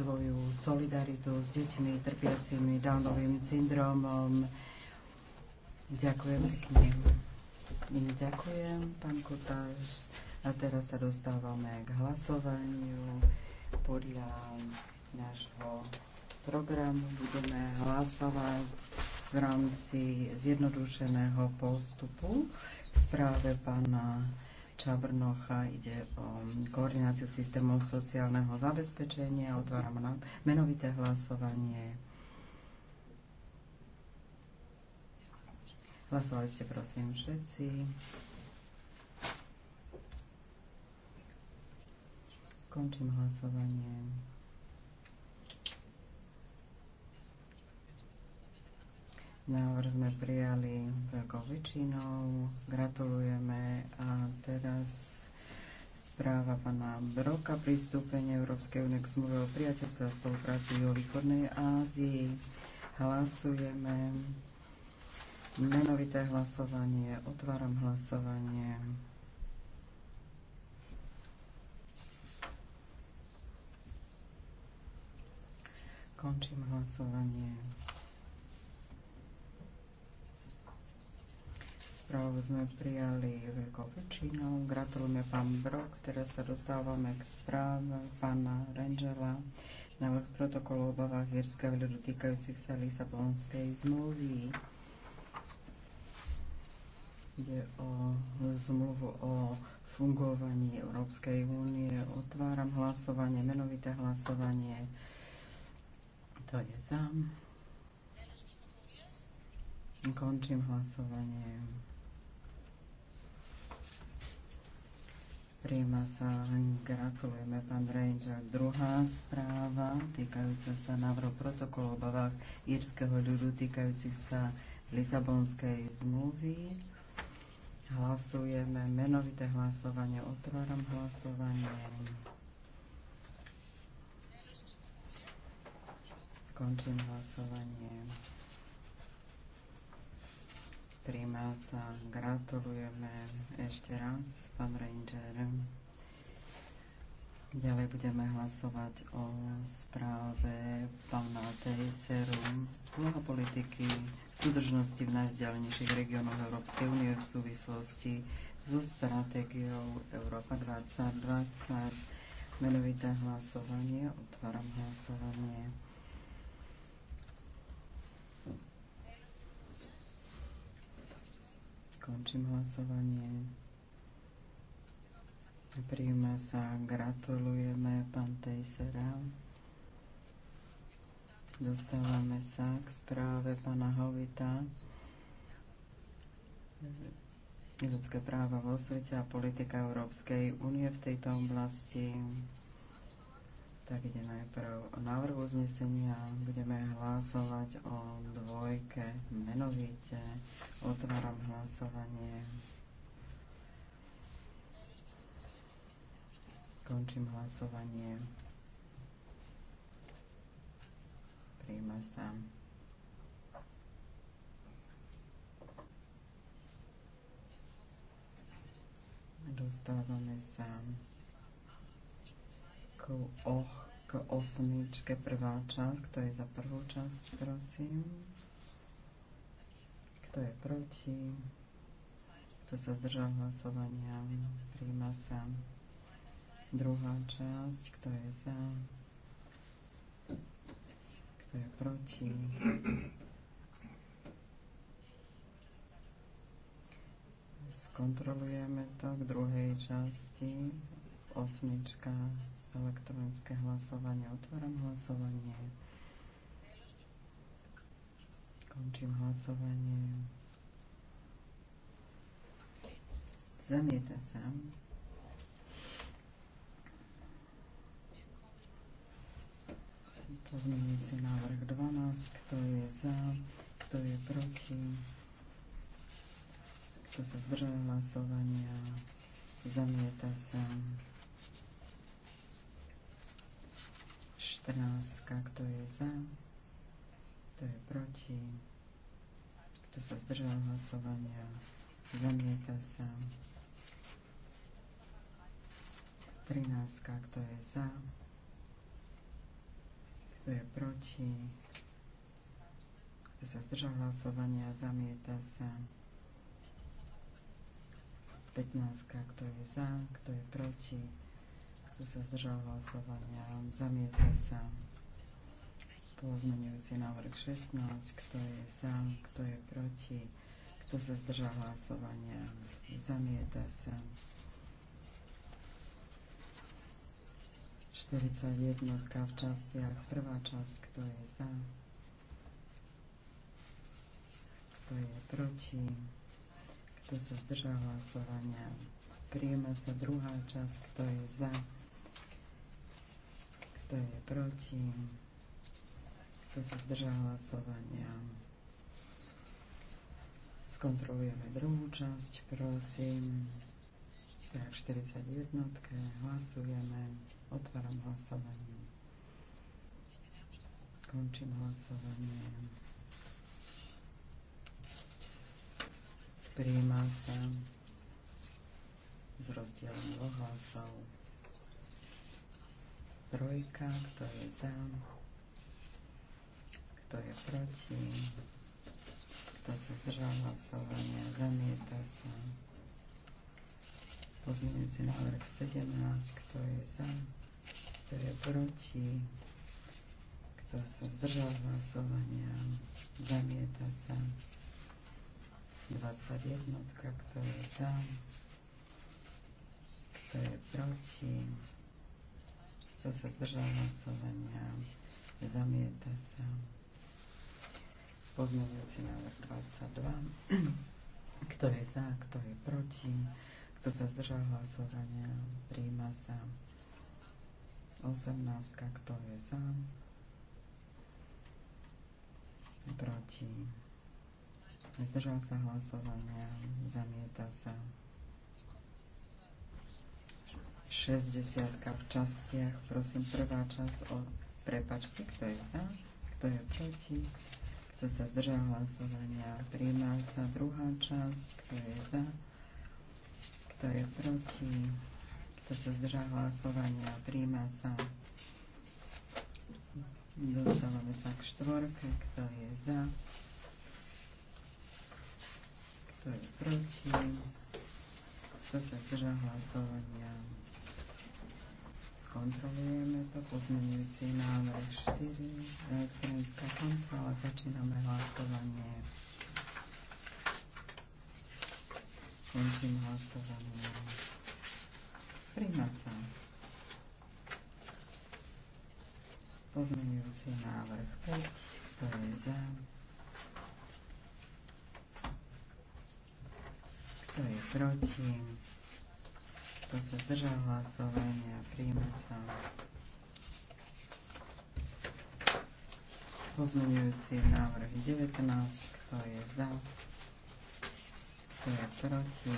svoju solidaritu s deťmi trpiacimi Downovým syndromom. Ďakujem pekne. Ďakujem, pán Kotáš. A teraz sa dostávame k hlasovaniu. Podľa nášho programu budeme hlasovať v rámci zjednodušeného postupu v správe pána Čabrnocha. Ide o koordináciu systémov sociálneho zabezpečenia. Otváram na menovité hlasovanie. Hlasovali ste prosím všetci. Končím hlasovanie. Návrh sme prijali veľkou väčšinou. Gratulujeme a teraz správa pána Broka pristúpenie Európskej únie k zmluve o priateľstve a spolupráci o východnej Ázii. Hlasujeme. Menovité hlasovanie. Otváram hlasovanie. Končím hlasovanie. správu sme prijali veľkou väčšinou. Gratulujeme pán Brok. Teraz sa dostávame k správe pána Rangela. Návrh protokolu o obavách Jerského ľudu týkajúcich sa Lisabonskej zmluvy. Ide o zmluvu o fungovaní Európskej únie. Otváram hlasovanie, menovité hlasovanie. To je za. Končím hlasovanie. Príjma sa, gratulujeme pán Ranger. Druhá správa týkajúca sa návrhu protokolu o obavách írskeho ľudu týkajúcich sa Lisabonskej zmluvy. Hlasujeme menovité hlasovanie. Otváram hlasovanie. Končím hlasovanie. Príjma sa. Gratulujeme ešte raz, pán Ranger. Ďalej budeme hlasovať o správe pána Tejseru mnoho politiky súdržnosti v najvzdialenejších regiónoch Európskej únie v súvislosti so stratégiou Európa 2020. Menovité hlasovanie. Otváram hlasovanie. Končím hlasovanie. Príjme sa, gratulujeme, pán Tejsera. Dostávame sa k správe pana Hovita. Ľudské práva vo svete a politika Európskej únie v tejto oblasti. Tak ide najprv o návrh uznesenia. Budeme hlasovať o dvojke menovite. Otváram hlasovanie. Končím hlasovanie. Príjme sa. Dostávame sa k, o, k osmičke prvá časť. Kto je za prvú časť, prosím? Kto je proti? Kto sa zdržal hlasovania? Príjma sa. Druhá časť. Kto je za? Kto je proti? Skontrolujeme to k druhej časti. Osmička, elektronické hlasovanie. Otváram hlasovanie. Končím hlasovanie. Zamieta sa. Pozmeňujúci návrh 12. Kto je za? Kto je proti? Kto sa zdržal hlasovania? Zamieta sa. 14. Kto je za? Kto je proti? Kto sa zdržal hlasovania? Zamieta sa. 13. Kto je za? Kto je proti? Kto sa zdržal hlasovania? Zamieta sa. 15. Kto je za? Kto je proti? Kto sa zdržal hlasovania? Zamieta sa. Pozmeňujúci návrh 16. Kto je za? Kto je proti? Kto sa zdržal hlasovania? Zamieta sa. 41 v častiach. Prvá časť, kto je za? Kto je proti? Kto sa zdržal hlasovania? Príjme sa druhá časť, kto je za? kto je proti, kto sa zdržal hlasovania. Skontrolujeme druhú časť, prosím. Tak 41. hlasujeme, otváram hlasovanie. Končím hlasovanie. Prijíma sa s rozdielom dvoch hlasov. Trojka, kto je za, kto je proti, kto sa zdržal hlasovania, zamieta sa. Pozmeňujúci návrh 17, kto je za, kto je proti, kto sa zdržal hlasovania, zamieta sa. 21, kto je za, kto je proti, kto sa zdržal hlasovania? Zamieta sa. Pozmeňujúci návrh 22. Kto je za, kto je proti? Kto sa zdržal hlasovania? Príjma sa. 18. Kto je za? Proti. Zdržal sa hlasovania. Zamieta sa. 60 v častiach. Prosím, prvá časť o prepačte, kto je za, kto je proti, kto sa zdržal hlasovania. Príjma sa druhá časť, kto je za, kto je proti, kto sa zdržal hlasovania. Príjma sa. Dostávame sa k štvorke, kto je za, kto je proti, kto sa zdržal hlasovania. Skontrolujeme to. Pozmenujúci návrh 4. Elektronická kontrola. Začíname hlasovanie. Končím hlasovanie. Príjma sa. Pozmenujúci návrh 5. Kto je za? Kto je proti? Kto sa zdržal hlasovania? Príjme sa. Pozmeňujúci návrh 19. Kto je za? Kto je proti?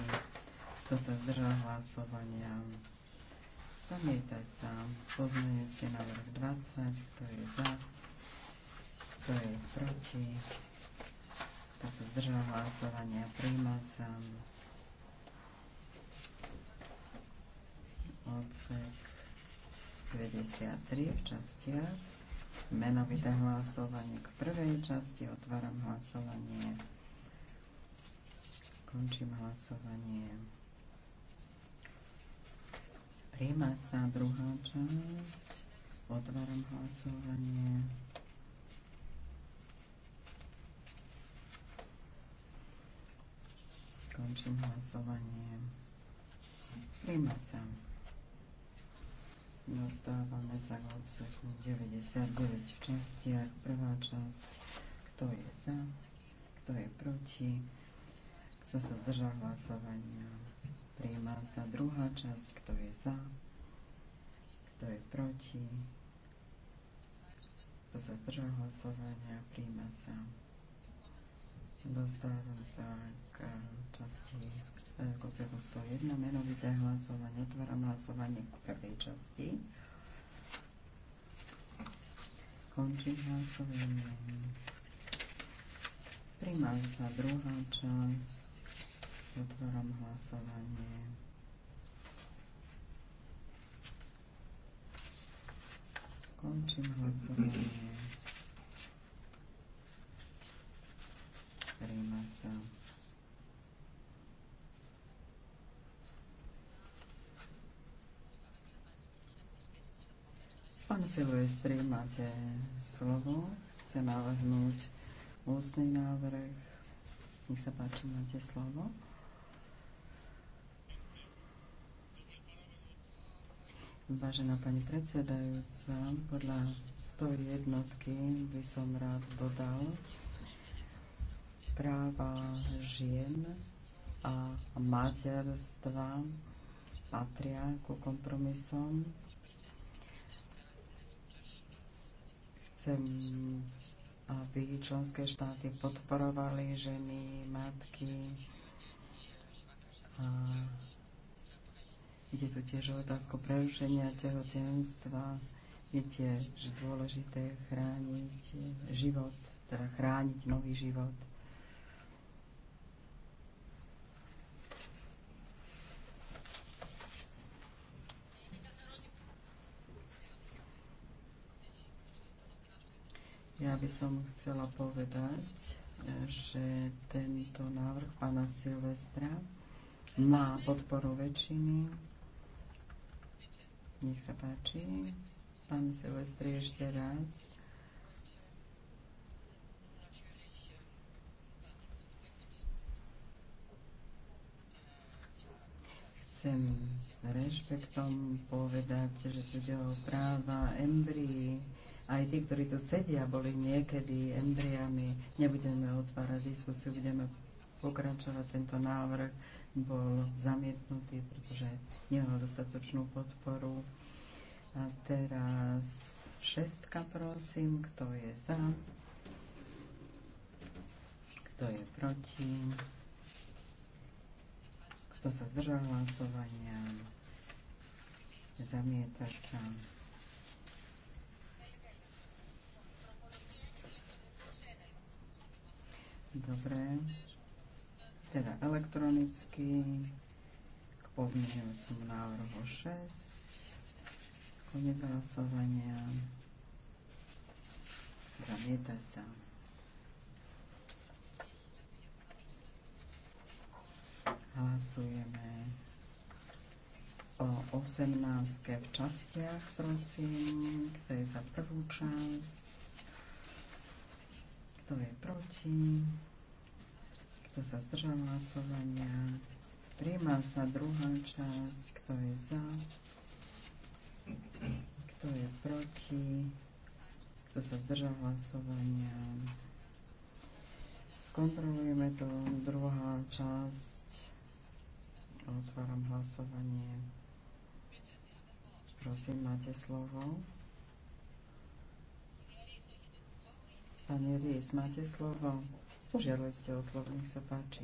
Kto sa zdržal hlasovania? Zamietať sa. Pozmeňujúci návrh 20. Kto je za? Kto je proti? Kto sa zdržal hlasovania? príjme sa. odsek 93 v častiach. Menovité hlasovanie k prvej časti. Otváram hlasovanie. Končím hlasovanie. Príjma sa druhá časť. Otváram hlasovanie. Končím hlasovanie. Príjma sa. Dostávame sa k odseku 99 v častiach. Prvá časť, kto je za, kto je proti, kto sa zdrža hlasovania. Prijíma sa druhá časť, kto je za, kto je proti, kto sa zdrža hlasovania, príjma sa. Dostávam sa k časti koncertu 101, menovité hlasovanie. Otváram hlasovanie k prvej časti. Končím hlasovanie. Primám sa druhá časť. Otváram hlasovanie. Končím hlasovanie. Prima sa. Pán Silvestri, máte slovo. Chce navrhnúť ústny návrh. Nech sa páči, máte slovo. Vážená pani predsedajúca, podľa 101 by som rád dodal práva žien a materstva patria ku kompromisom Chcem, aby členské štáty podporovali ženy, matky. A ide tu tiež o otázku prerušenia tehotenstva. Je tiež dôležité chrániť život, teda chrániť nový život. Ja by som chcela povedať, že tento návrh pána Silvestra má podporu väčšiny. Nech sa páči. Pán Silvestri ešte raz. Chcem s rešpektom povedať, že tu ide o práva embryí, aj tí, ktorí tu sedia, boli niekedy embriami. Nebudeme otvárať diskusiu, budeme pokračovať. Tento návrh bol zamietnutý, pretože nemal dostatočnú podporu. A teraz šestka, prosím, kto je za, kto je proti, kto sa zdržal hlasovania, zamieta sa. Dobre. Teda elektronicky k pozmeňujúcemu návrhu 6. Konec hlasovania. Zamieta teda sa. Hlasujeme o 18. v častiach, prosím. Kto je za prvú časť? Kto je proti? Kto sa zdržal hlasovania? Príjma sa druhá časť. Kto je za? Kto je proti? Kto sa zdržal hlasovania? Skontrolujeme to. Druhá časť. Otváram hlasovanie. Prosím, máte slovo. Pane Ries, máte slovo. Požiadali ste o slovo, nech sa páči.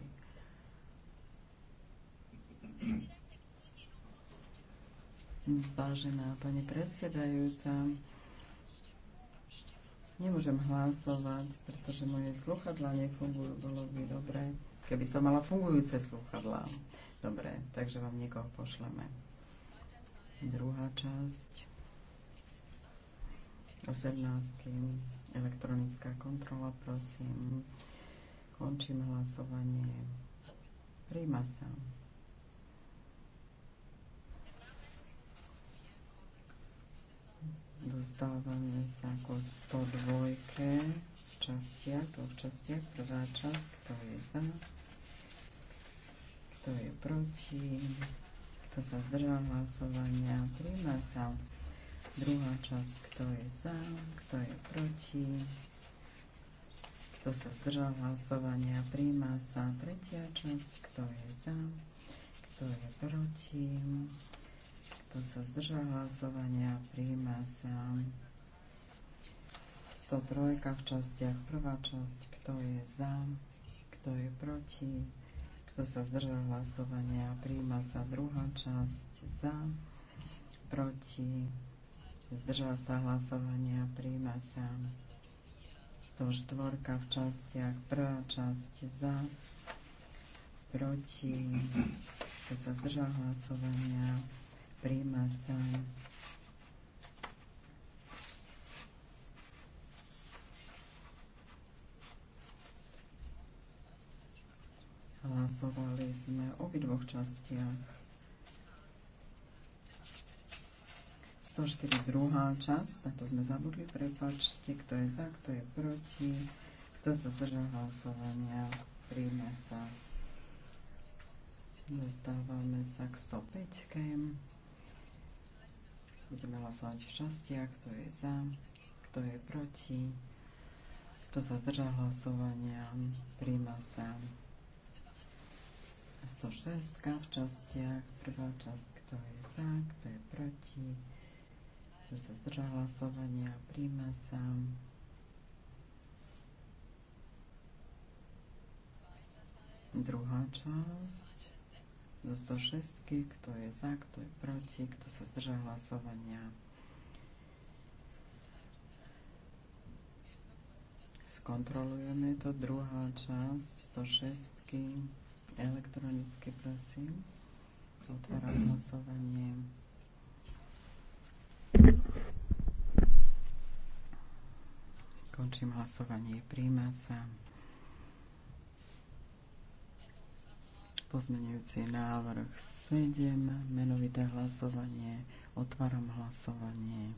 Vážená pani predsedajúca, nemôžem hlasovať, pretože moje sluchadla nefungujú. Bolo by dobré, keby som mala fungujúce sluchadla. Dobre, takže vám niekoho pošleme. Druhá časť. 18 elektronická kontrola, prosím. Končím hlasovanie. Príjma sa. Dostávame sa ako 102 častia, to dvoch častiach. Prvá časť, kto je za, kto je proti, kto sa zdržal hlasovania. Príjma sa. Druhá časť, kto je za, kto je proti, kto sa zdržal hlasovania, príjma sa. Tretia časť, kto je za, kto je proti, kto sa zdržal hlasovania, príjma sa. 103 v častiach. Prvá časť, kto je za, kto je proti, kto sa zdržal hlasovania, príjma sa druhá časť za, proti, zdržal sa hlasovania, príjma sa 104 v častiach, prvá časť za, proti, kto sa zdržal hlasovania, príjma sa Hlasovali sme o obidvoch častiach. 104 druhá časť, na to sme zabudli, prepačte, kto je za, kto je proti, kto sa zdržal hlasovania, príjme sa. Dostávame sa k 105. Budeme hlasovať v častiach, kto je za, kto je proti, kto sa zdržal hlasovania, príjme sa. 106 v častiach, prvá časť, kto je za, kto je proti, že sa zdrža hlasovania, príjme sa. Druhá časť do 106, kto je za, kto je proti, kto sa zdrža hlasovania. Skontrolujeme to. Druhá časť 106, elektronicky prosím. Otváram hlasovanie. Končím hlasovanie. Príjma sa. Pozmenujúci návrh 7. Menovité hlasovanie. Otváram hlasovanie.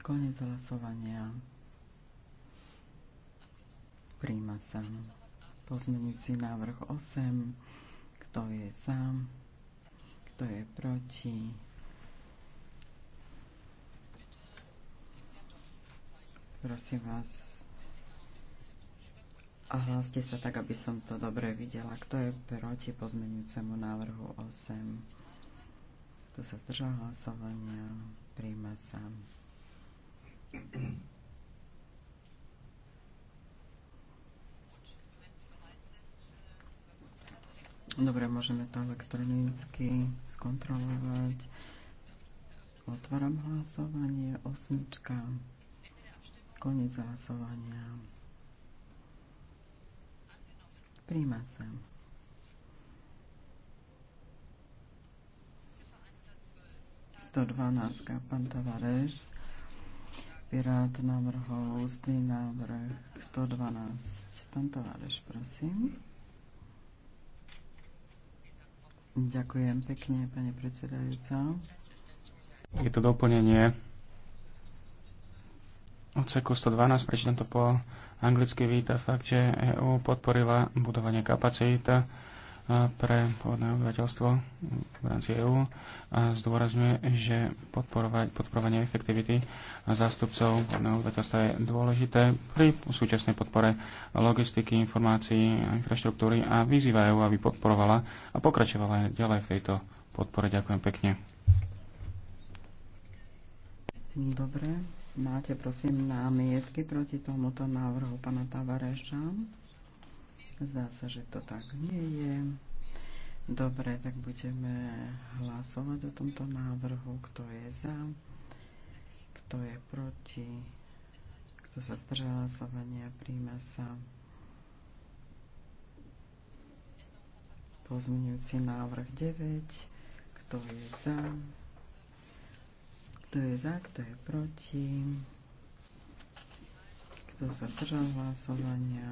Konec hlasovania. Príjma sa. Pozmenujúci návrh 8. Kto je za? Kto je proti? Prosím vás, a hláste sa tak, aby som to dobre videla. Kto je proti pozmenujúcemu návrhu 8? Tu sa zdržal hlasovania. Príjma sa. Dobre, môžeme to elektronicky skontrolovať. Otváram hlasovanie. Osmička. Konec hlasovania. Príjma sa. Sto dvanáctka, pán Tavareš. Pirát navrhol ústny návrh 112. Pán Tavareš, prosím. Ďakujem pekne, pani predsedajúca. Je to doplnenie odseku 112, prečítam to po anglicky víta fakt, že EU podporila budovanie kapacít e, pre pôvodné obyvateľstvo v rámci EÚ a zdôrazňuje, že podporovanie efektivity zástupcov pôvodného obyvateľstva je dôležité pri súčasnej podpore logistiky, informácií a infraštruktúry a vyzýva EÚ, aby podporovala a pokračovala ďalej v tejto podpore. Ďakujem pekne. Dobre, Máte prosím námietky proti tomuto návrhu pana Tavareša? Zdá sa, že to tak nie je. Dobre, tak budeme hlasovať o tomto návrhu. Kto je za? Kto je proti? Kto sa zdržal hlasovania? Príjme sa. Pozmeňujúci návrh 9. Kto je za? Kto je za, kto je proti? Kto sa zdržal hlasovania?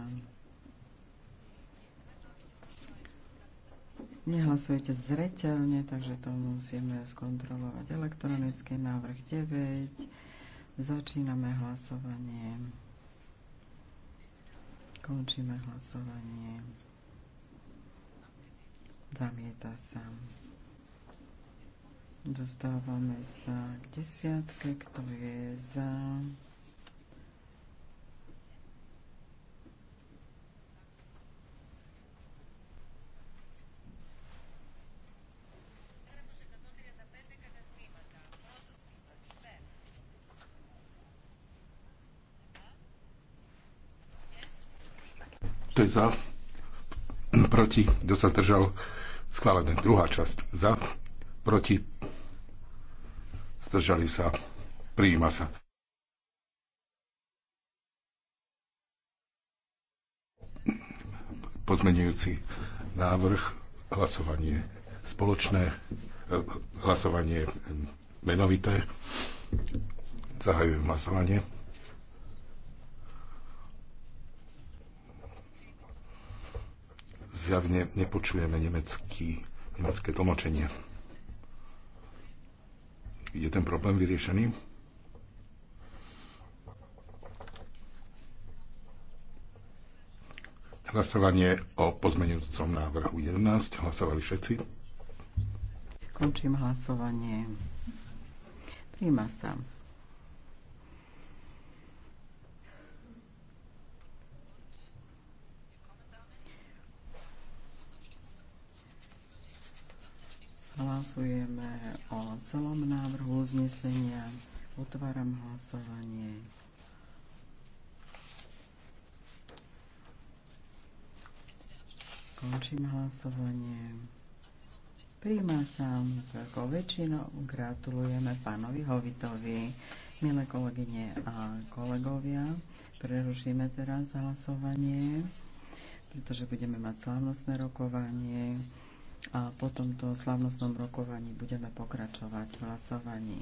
Nehlasujete zreteľne, takže to musíme skontrolovať. Elektronický návrh 9. Začíname hlasovanie. Končíme hlasovanie. Zamieta sa. Dostávame sa k desiatke, kto je za. To je za. Proti. Kto sa zdržal? Schválené. Druhá časť. Za. Proti zdržali sa, prijíma sa. Pozmenujúci návrh, hlasovanie spoločné, e, hlasovanie menovité. Zahajujem hlasovanie. Zjavne nepočujeme nemecký, nemecké tlmočenie je ten problém vyriešený? Hlasovanie o pozmenujúcom návrhu 11. Hlasovali všetci? Končím hlasovanie. Príjma sa. Hlasujeme o celom návrhu uznesenia. Otváram hlasovanie. Končím hlasovanie. Príjma sa ako väčšinou. Gratulujeme pánovi Hovitovi. Milé kolegyne a kolegovia, prerušíme teraz hlasovanie, pretože budeme mať slávnostné rokovanie a po tomto slavnostnom rokovaní budeme pokračovať v hlasovaní.